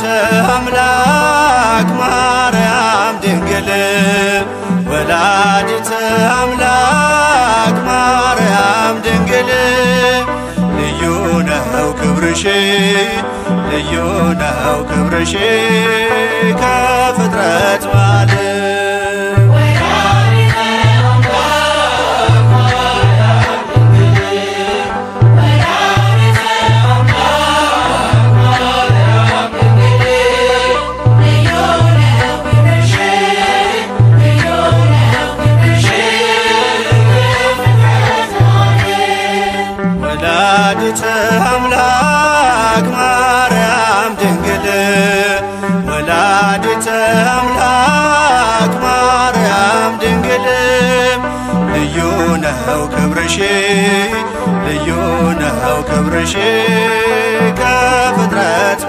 ወላዲተ አምላክ ማርያም ድንግል ወላዲተ አምላክ ማርያም ድንግል ልዩ ነው ክብርሽ ልዩ ነው ክብርሽ ወላዲተ አምላክ ማርያም ድንግልም ልዩ ነው ክብርሽ ልዩ ነው ክብርሽ ከፍጥረት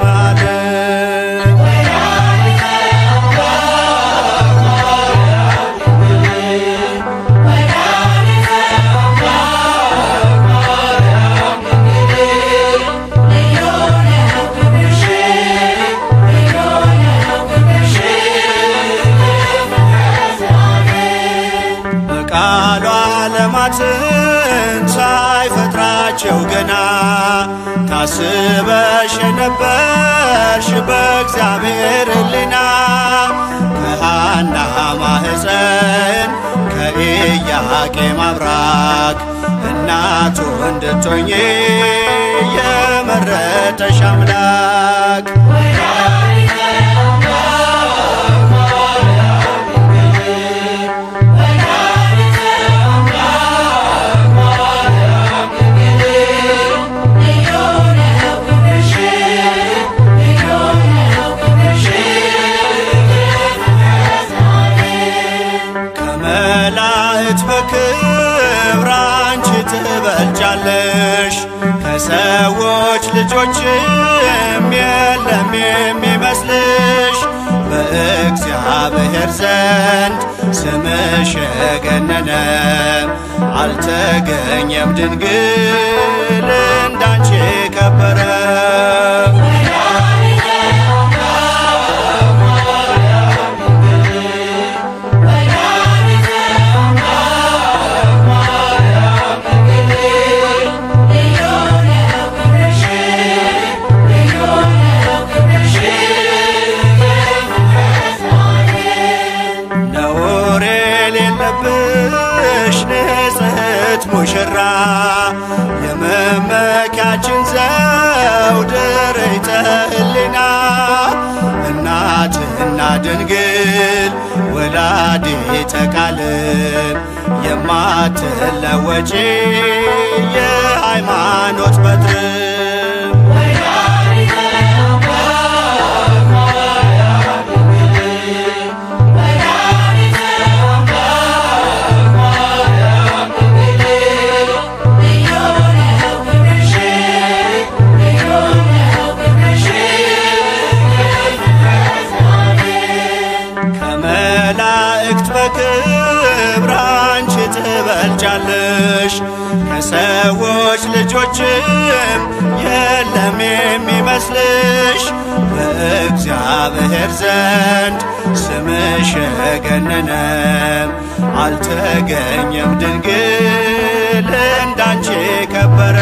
ገና ታስበሽ የነበርሽ በእግዚአብሔር ሕሊና ከሐና ማኅፀን ከኢያቄም አብራክ እናቱ እንድትሆኚ የመረጠሽ አምላክ መላእክት በክብር አንቺ ትበልጫለሽ። ከሰዎች ልጆችም የለም የሚመስልሽ። በእግዚአብሔር ዘንድ ስምሽ የገነነ አልተገኘም ድንግል ሙሽራ የመመኪያችን ዘውድ ርዕይተ እናትና ድንግል ወላዲተ ቃልን የማትለወጪ የሃይማኖት በትር ትበልጫለሽ ከሰዎች ልጆችም የለም የሚመስልሽ በእግዚአብሔር ዘንድ ስምሽ ገነነ፣ አልተገኘም ድንግል እንዳንቺ ከበረ